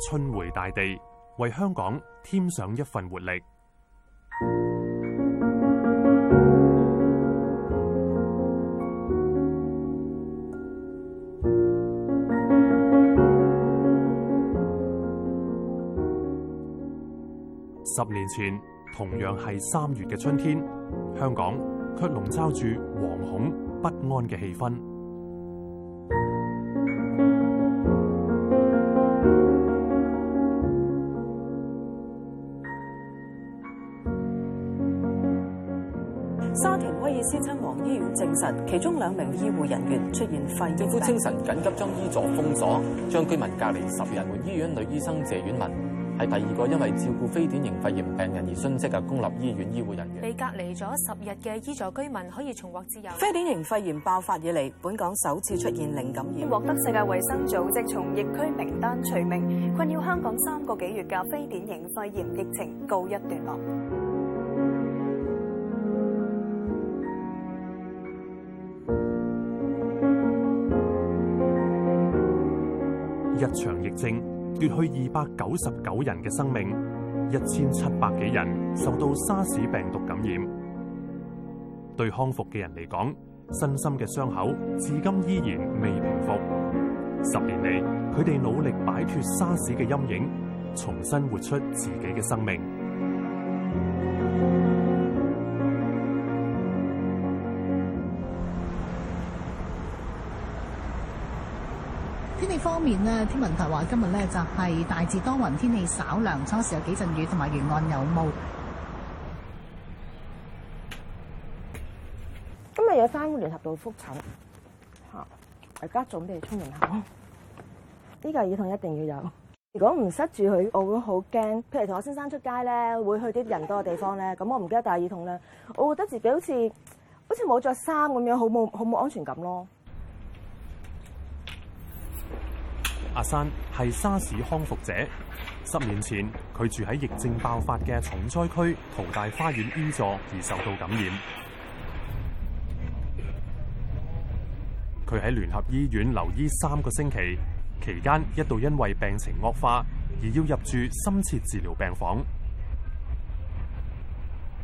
春回大地，為香港添上一份活力。十年前，同樣係三月嘅春天，香港卻籠罩住惶恐不安嘅氣氛。證實，其中兩名醫護人員出現肺炎。政府清晨緊急將 E 座封鎖，將居民隔離十日。屯門醫院女醫生謝婉雯係第二個因為照顧非典型肺炎病人而殉職嘅公立醫院醫護人員。被隔離咗十日嘅 E 座居民可以重獲自由。非典型肺炎爆發以嚟，本港首次出現零感染。獲得世界衛生組織從疫區名單除名，困擾香港三個幾月嘅非典型肺炎疫情告一段落。一場疫症奪去二百九十九人嘅生命，一千七百幾人受到沙士病毒感染。對康復嘅人嚟講，身心嘅傷口至今依然未平復。十年嚟，佢哋努力擺脫沙士嘅陰影，重新活出自己嘅生命。呢方面咧，天文台話今日咧就係大致多雲，天氣稍涼，初時有幾陣雨，同埋沿岸有霧。今日有翻聯合道復診，吓而家準備出門口，呢 個耳筒一定要有。如果唔塞住佢，我會好驚。譬如同我先生出街咧，會去啲人多嘅地方咧，咁我唔記得戴耳筒咧，我覺得自己好似好似冇着衫咁樣，好冇好冇安全感咯。阿山係沙士康復者，十年前佢住喺疫症爆發嘅重災區淘大花園 E 座而受到感染，佢喺聯合醫院留醫三個星期，期間一度因為病情惡化而要入住深切治療病房。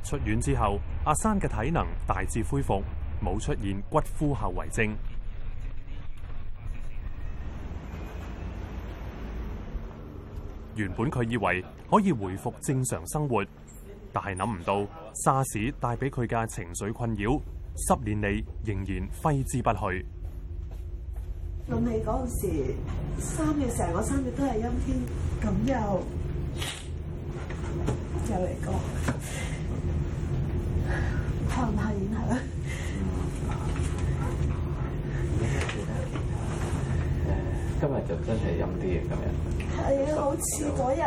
出院之後，阿山嘅體能大致恢復，冇出現骨枯後遺症。原本佢以為可以回復正常生活，但係諗唔到沙士帶俾佢嘅情緒困擾，十年嚟仍然揮之不去。諗起嗰陣時，三月成個三月都係陰天，咁又又嚟過，怕唔怕影響？ 今日就真係陰啲嘢，今日係啊，好似嗰日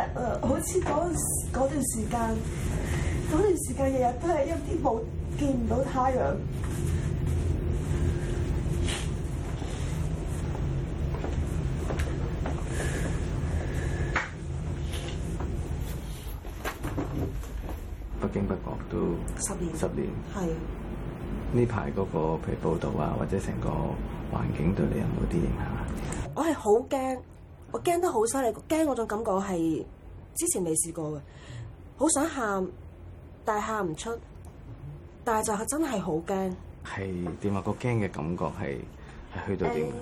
誒，好似嗰，嗰段時間，嗰段時間日日都係陰啲冇，見唔到太陽。不經不覺都十年，十年係。呢排嗰個譬如報道啊，或者成個環境對你有冇啲影響？我係好驚，我驚得好犀利，驚嗰種感覺係之前未試過嘅，好想喊，但係喊唔出，但係就係真係好驚。係點啊？個驚嘅感覺係係去到點啊？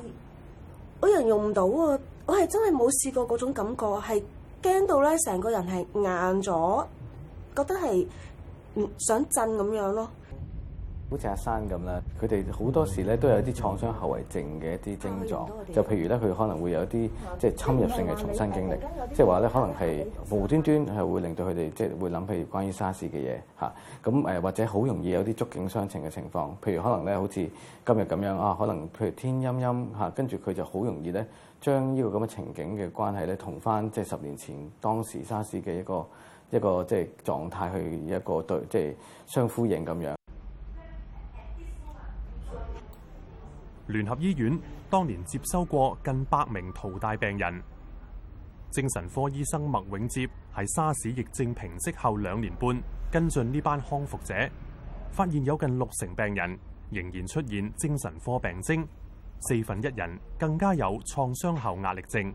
我人用唔到啊！我係真係冇試過嗰種感覺，係驚到咧成個人係硬咗，覺得係唔想震咁樣咯。好似阿山咁啦，佢哋好多時咧都有啲創傷後遺症嘅一啲症狀，嗯嗯、就譬如咧，佢可能會有啲即係侵入性嘅重新經歷，即係話咧可能係無端端係會令到佢哋即係會諗譬如關於沙士嘅嘢嚇，咁誒，或者好容易有啲觸景傷情嘅情況，譬如可能咧好似今日咁樣啊，可能譬如天陰陰嚇，跟住佢就好容易咧將呢個咁嘅情景嘅關係咧同翻即係十年前當時沙士嘅一個一個即係狀態去一個對即係相呼應咁樣。聯合醫院當年接收過近百名淘大病人，精神科醫生麥永捷喺沙士疫症平息後兩年半跟進呢班康復者，發現有近六成病人仍然出現精神科病徵，四分一人更加有創傷後壓力症。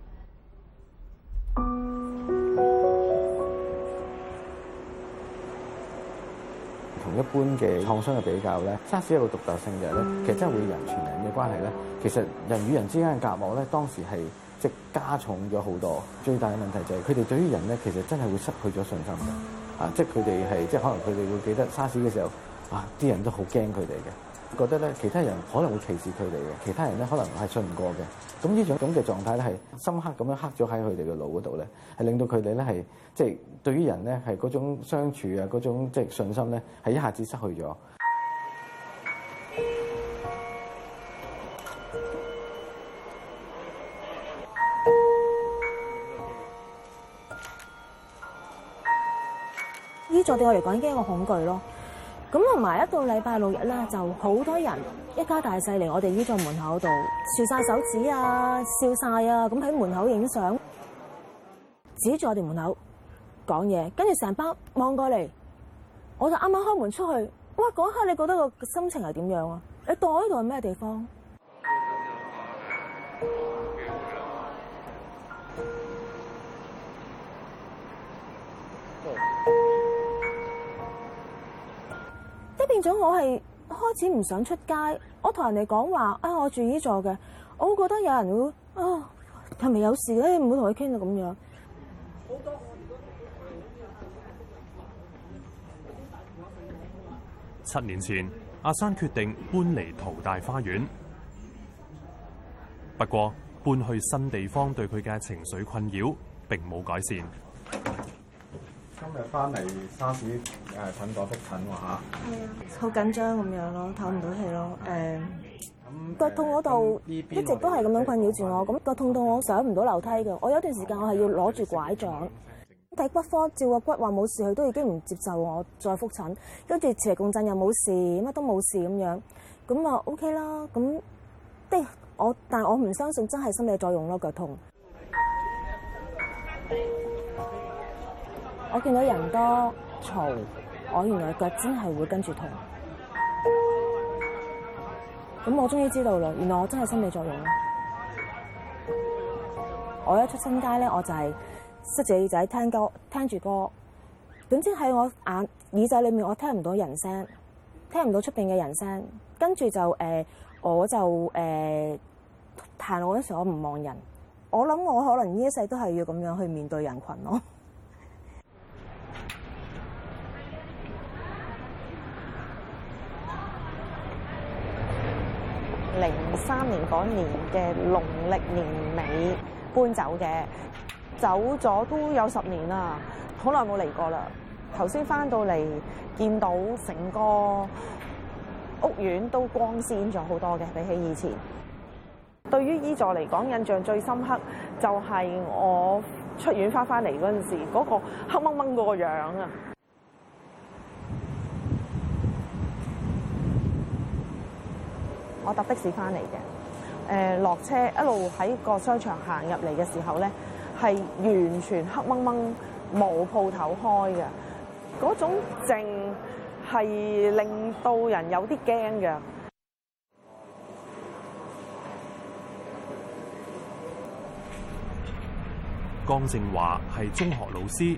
般嘅創傷嘅比較咧，沙士有一個獨特性就係咧，其實真係會人傳人嘅關係咧。其實人與人之間嘅隔膜咧，當時係即係加重咗好多。最大嘅問題就係佢哋對於人咧，其實真係會失去咗信心嘅。啊，即係佢哋係即係可能佢哋會記得沙士嘅時候，啊啲人都好驚佢哋嘅。覺得咧，其他人可能會歧視佢哋嘅，其他人咧可能係信唔過嘅。咁呢種咁嘅狀態咧，係深刻咁樣刻咗喺佢哋嘅腦嗰度咧，係令到佢哋咧係即係對於人咧係嗰種相處啊，嗰種即係信心咧係一下子失去咗。呢座對我嚟講已經係一個恐懼咯。咁同埋一到禮拜六日咧，就好多人一家大細嚟我哋依個門口度，笑晒手指啊，笑晒啊，咁喺門口影相，指住我哋門口講嘢，跟住成班望過嚟，我就啱啱開門出去，哇！嗰刻你覺得個心情係點樣啊？你到喺度係咩地方？變咗我係開始唔想出街，我同人哋講話啊，我住呢座嘅，我會覺得有人會啊，係咪有事咧？唔好同佢傾啊咁樣。七年前，阿珊決定搬離淘大花園，不過搬去新地方對佢嘅情緒困擾並冇改善。今日翻嚟沙士誒診所復診喎嚇，係啊，好、嗯、緊張咁樣咯，唞唔到氣咯，誒、嗯，腳痛嗰度一直都係咁樣困擾住我，咁腳痛到我上唔到樓梯嘅，我有段時間我係要攞住拐杖睇骨科，照個骨，話冇事，佢都已經唔接受我再復診，跟住磁共振又冇事，乜都冇事咁樣，咁啊 OK 啦，咁即我，但我唔相信真係心理作用咯，腳痛。我見到人多嘈，我原來腳尖係會跟住痛。咁我終於知道啦，原來我真係心理作用。我一出新街咧，我就係塞住耳仔聽歌，聽住歌。總之喺我眼耳仔裏面，我聽唔到人聲，聽唔到出邊嘅人聲。跟住就誒、呃，我就誒彈、呃、我嘅時我唔望人。我諗我可能呢一世都係要咁樣去面對人群咯。三年嗰年嘅農曆年尾搬走嘅，走咗都有十年啦，好耐冇嚟過啦。頭先翻到嚟見到成個屋苑都光鮮咗好多嘅，比起以前。對於呢座嚟講，印象最深刻就係我出院翻翻嚟嗰陣時，嗰、嗰個黑濛濛嗰個樣啊！我搭的士翻嚟嘅，誒、呃、落車一路喺個商場行入嚟嘅時候咧，係完全黑掹掹，冇鋪頭開嘅，嗰種靜係令到人有啲驚嘅。江正華係中學老師，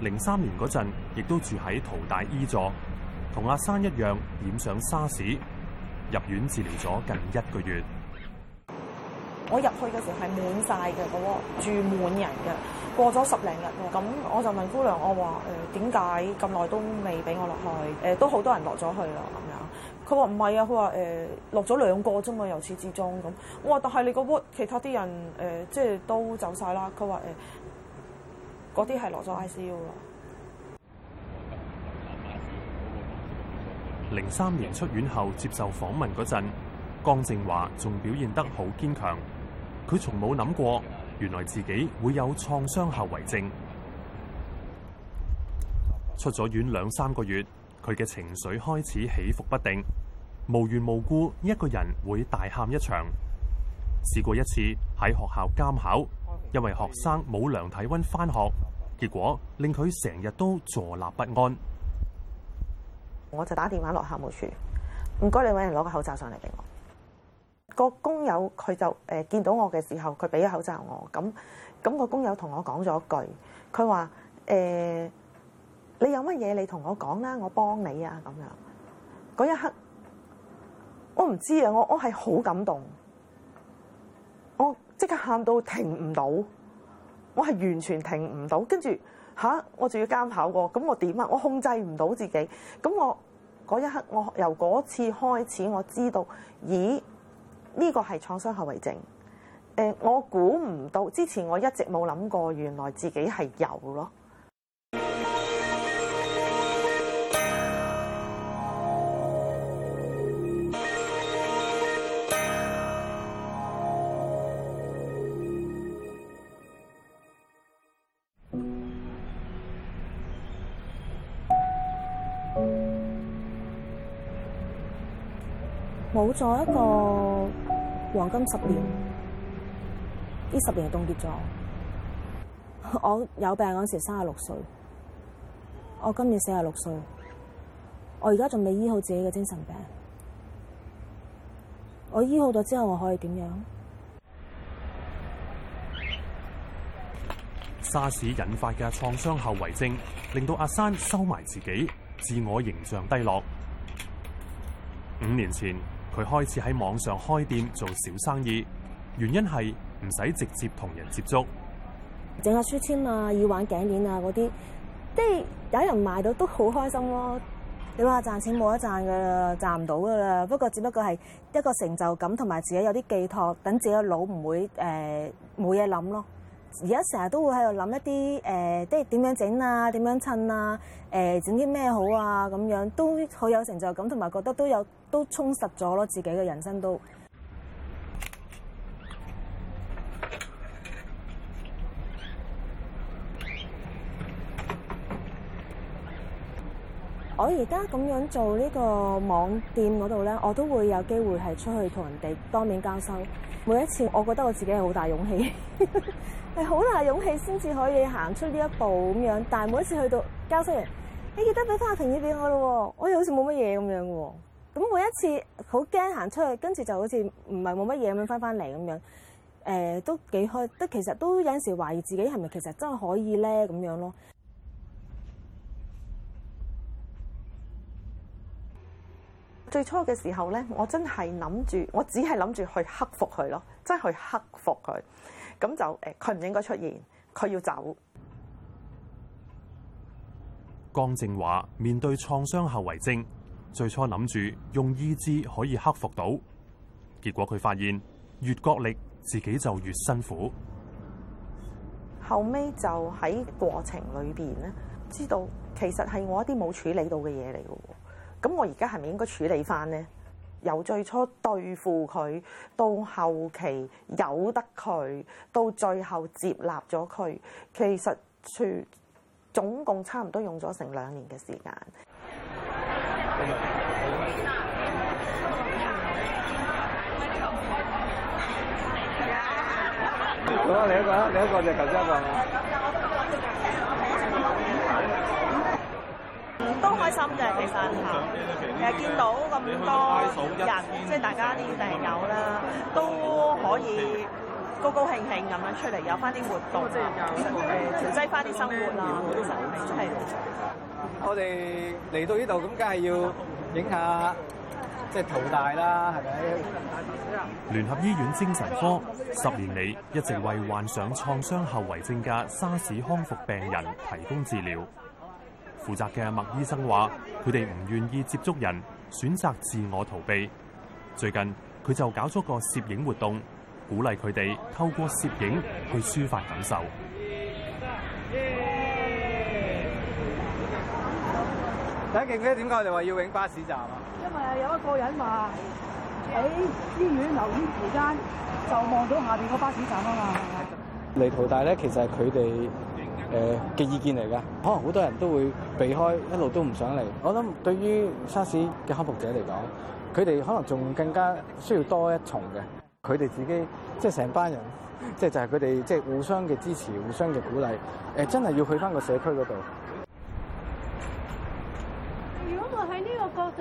零三年嗰陣亦都住喺淘大 E 座，同阿珊一樣染上沙士。入院治療咗近一個月，我入去嘅時候係滿晒嘅，嗰個窩住滿人嘅，過咗十零日嘅，咁我就問姑娘，我話誒點解咁耐都未俾我落去？誒、呃、都好多人落咗去啦，咁樣，佢話唔係啊，佢話誒落咗兩個啫嘛，由始至終咁，我話但係你個窩其他啲人誒、呃、即係都走晒啦，佢話誒嗰啲係落咗 I C U 啦。零三年出院後接受訪問嗰陣，江正華仲表現得好堅強。佢從冇諗過，原來自己會有創傷後遺症。出咗院兩三個月，佢嘅情緒開始起伏不定，無緣無故一個人會大喊一場。試過一次喺學校監考，因為學生冇量體溫返學，結果令佢成日都坐立不安。我就打電話落客務處，唔該你揾人攞個口罩上嚟俾我。個工友佢就誒、呃、見到我嘅時候，佢俾咗口罩我。咁咁、個工友同我講咗一句，佢話誒你有乜嘢你同我講啦，我幫你啊咁樣。嗰一刻我唔知啊，我我係好感動，我即刻喊到停唔到，我係完全停唔到，跟住。嚇、啊！我仲要監考過，咁我點啊？我控制唔到自己，咁我嗰一刻，我由嗰次開始，我知道，咦？呢個係創傷後遺症。誒、呃，我估唔到，之前我一直冇諗過，原來自己係有咯。好咗一個黃金十年，呢十年就凍結咗。我有病嗰時三十六歲，我今年四十六歲，我而家仲未醫好自己嘅精神病。我醫好咗之後，我可以點樣？沙士引發嘅創傷後遺症，令到阿珊收埋自己，自我形象低落。五年前。佢開始喺網上開店做小生意，原因係唔使直接同人接觸，整下書簽啊、耳環、啊、頸鏈啊嗰啲，即係有人買到都好開心咯、啊。你話賺錢冇得賺噶啦，賺唔到噶啦。不過只不過係一個成就感同埋自己有啲寄託，等自己個腦唔會誒冇嘢諗咯。而家成日都會喺度諗一啲誒，即係點樣整啊，點樣襯啊，誒整啲咩好啊咁樣，都好有成就感，同埋覺得都有都充實咗囉，自己嘅人生都。 我而家咁樣做呢個網店嗰度呢，我都會有機會係出去同人哋當面交收。每一次，我覺得我自己係好大勇氣，係好大勇氣先至可以行出呢一步咁樣。但係每一次去到交收人，你記得俾翻個瓶兒俾我咯，我又好似冇乜嘢咁樣喎。咁每一次好驚行出去，跟住就好似唔係冇乜嘢咁樣翻翻嚟咁樣。誒、呃，都幾開，都其實都有陣時懷疑自己係咪其實真係可以咧咁樣咯。最初嘅時候咧，我真係諗住，我只係諗住去克服佢咯，即係去克服佢。咁就誒，佢唔應該出現，佢要走。江正華：面對創傷後遺症，最初諗住用醫治可以克服到，結果佢發現越角力自己就越辛苦。後尾就喺過程裏邊咧，知道其實係我一啲冇處理到嘅嘢嚟嘅喎。咁我而家係咪應該處理翻咧？由最初對付佢，到後期由得佢，到最後接納咗佢，其實全總共差唔多用咗成兩年嘅時間。好啊，你一個，你一,一個，就頭先一個。都開心嘅，其實誒見,、啊、見到咁多人，即係大家啲病友啦，都可以高高興興咁樣出嚟有翻啲活動，誒調劑翻啲生活啦。其實係。嗯啊嗯、我哋嚟到呢度咁，梗係要影下即係、就是、頭大啦，係咪？聯合醫院精神科十年嚟一直為患上創傷後遺症嘅沙士康復病人提供治療。負責嘅麥醫生話，佢哋唔願意接觸人，選擇自我逃避。最近佢就搞咗個攝影活動，鼓勵佢哋透過攝影去抒發感受。第一勁咧，點解我哋話要影巴士站啊？因為有一個人話喺醫院留院期間就望到下邊個巴士站啊嘛。離淘大咧，其實係佢哋。誒嘅意見嚟嘅，可能好多人都會避開，一路都唔想嚟。我諗對於沙士嘅康復者嚟講，佢哋可能仲更加需要多一重嘅，佢哋自己即係成班人，即係就係佢哋即係互相嘅支持、互相嘅鼓勵。誒，真係要去返個社區嗰度。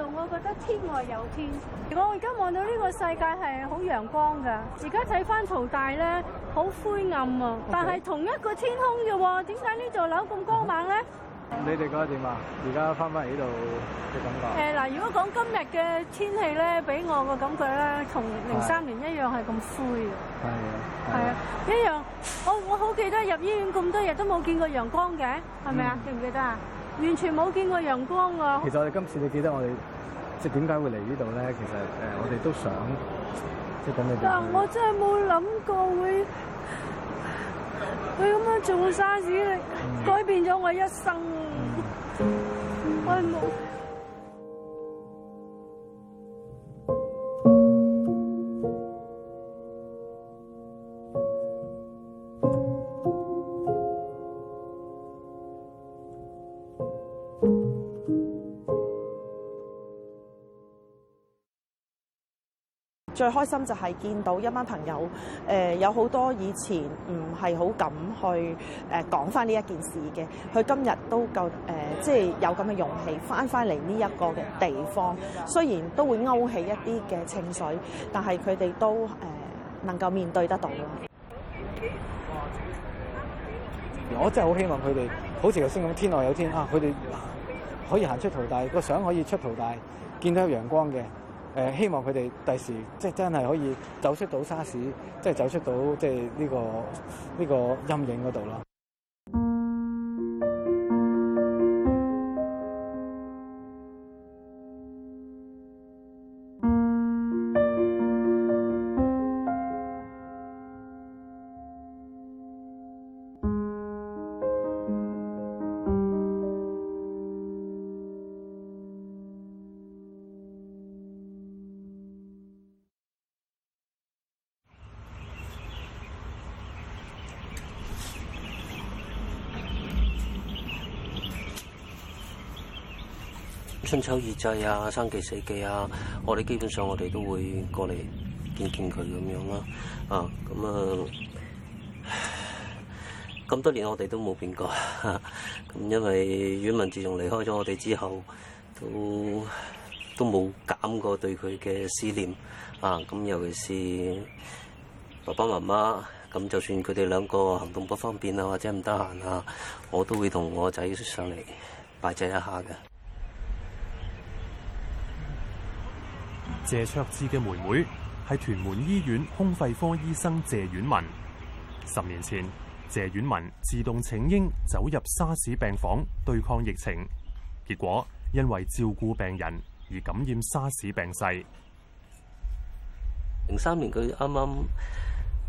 我覺得天外有天。我而家望到呢個世界係好陽光噶，而家睇翻淘大咧，好灰暗啊！但係同一個天空嘅喎，點解呢座樓咁光猛咧？嗯、你哋覺得點啊？而家翻返嚟呢度嘅感覺？誒、欸，嗱，如果講今日嘅天氣咧，俾我個感覺咧，同零三年一樣係咁灰嘅。係啊是。係啊，一樣。我我好記得入醫院咁多日都冇見過陽光嘅，係咪啊？嗯、記唔記得啊？完全冇見過陽光啊！其實我哋今次，你記得我哋即係點解會嚟呢度咧？其實誒、呃，我哋都想即係講你。但係我真係冇諗過會佢咁樣做，沙士，改變咗我一生。唔冇、嗯。 最開心就係見到一班朋友，誒、呃、有好多以前唔係好敢去誒、呃、講翻呢一件事嘅，佢今日都夠誒、呃，即係有咁嘅勇氣翻翻嚟呢一個嘅地方。雖然都會勾起一啲嘅情緒，但係佢哋都誒、呃、能夠面對得到。我真係好希望佢哋，好似頭先咁，天外有天啊！佢哋、啊、可以行出淘大，個相可以出淘大，見到有陽光嘅。誒，希望佢哋第時即係真係可以走出到沙士，即係走出到即係呢個呢個陰影嗰度咯。春秋二祭啊，生忌死忌啊，我哋基本上我哋都會過嚟見見佢咁樣啦、啊。啊，咁、嗯、啊，咁多年我哋都冇變過。咁因為婉雯自從離開咗我哋之後，都都冇減過對佢嘅思念。啊，咁、嗯、尤其是爸爸媽媽，咁、嗯、就算佢哋兩個行動不方便啊，或者唔得閒啊，我都會同我仔上嚟拜祭一下嘅。謝卓智嘅妹妹係屯門醫院胸肺科醫生謝婉雯。十年前，謝婉雯自動請纓走入沙士病房對抗疫情，結果因為照顧病人而感染沙士病逝。零三年佢啱啱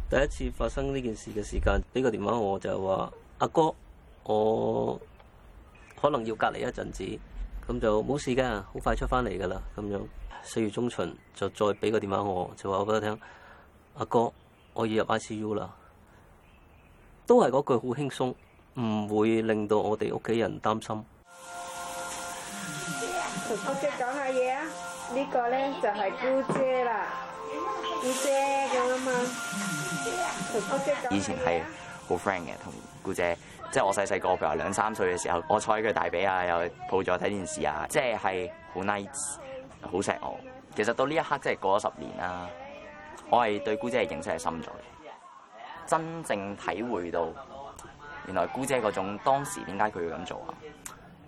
第一次發生呢件事嘅時間，俾個電話我就話：阿、啊、哥，我可能要隔離一陣子。咁就冇事噶，好快出翻嚟噶啦，咁樣四月中旬就再俾個電話我，就話我俾佢聽，阿哥我要入 I C U 啦，都係嗰句好輕鬆，唔會令到我哋屋企人擔心。同姑姐講下嘢啊，呢個咧就係姑姐啦，姑姐咁啊嘛。以前係。好 friend 嘅同姑姐，即係我細細個，譬如話兩三歲嘅時候，我坐喺佢大髀啊，又抱住睇電視啊，即係好 nice，好錫我。其實到呢一刻，即係過咗十年啦，我係對姑姐嘅認識係深咗嘅，真正體會到原來姑姐嗰種當時點解佢要咁做啊。誒、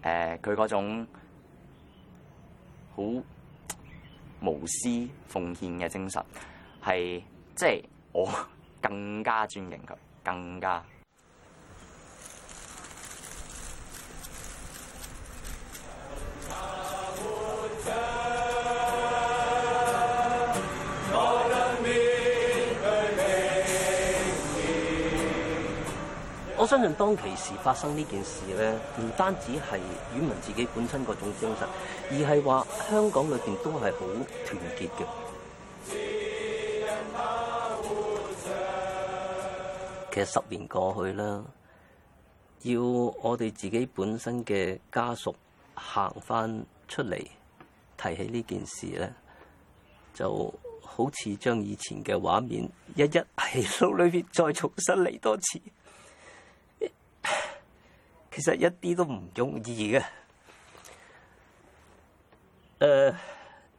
呃，佢嗰種好無私奉獻嘅精神，係即係我更加尊敬佢。更加，我相信當其時發生呢件事呢，唔單止係婉雯自己本身嗰種精神，而係話香港裏邊都係好團結嘅。其實十年過去啦，要我哋自己本身嘅家屬行翻出嚟提起呢件事咧，就好似將以前嘅畫面一一喺腦裏邊再重新嚟多次。其實一啲都唔容易嘅。誒、呃，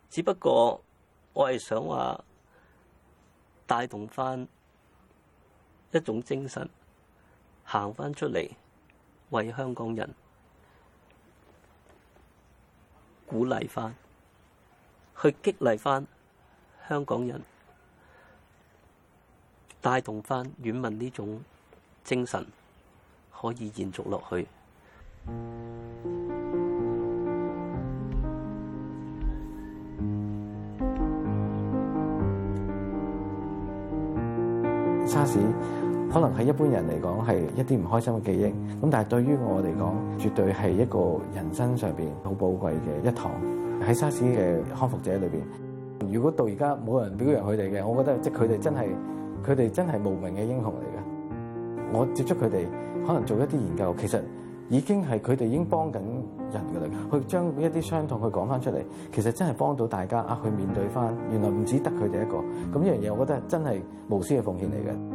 只不過我係想話帶動翻。一種精神行返出嚟，為香港人鼓勵返，去激勵返香港人，帶動返婉雯呢種精神可以延續落去。沙士可能係一般人嚟講係一啲唔開心嘅記憶，咁但係對於我嚟講，絕對係一個人生上邊好寶貴嘅一堂。喺沙士嘅康復者裏邊，如果到而家冇人表揚佢哋嘅，我覺得即係佢哋真係佢哋真係無名嘅英雄嚟嘅。我接觸佢哋，可能做一啲研究，其實。已經係佢哋已經幫緊人㗎啦，去將一啲傷痛去講翻出嚟，其實真係幫到大家啊！去面對翻，原來唔止得佢哋一個，咁呢樣嘢我覺得真係無私嘅奉獻嚟嘅。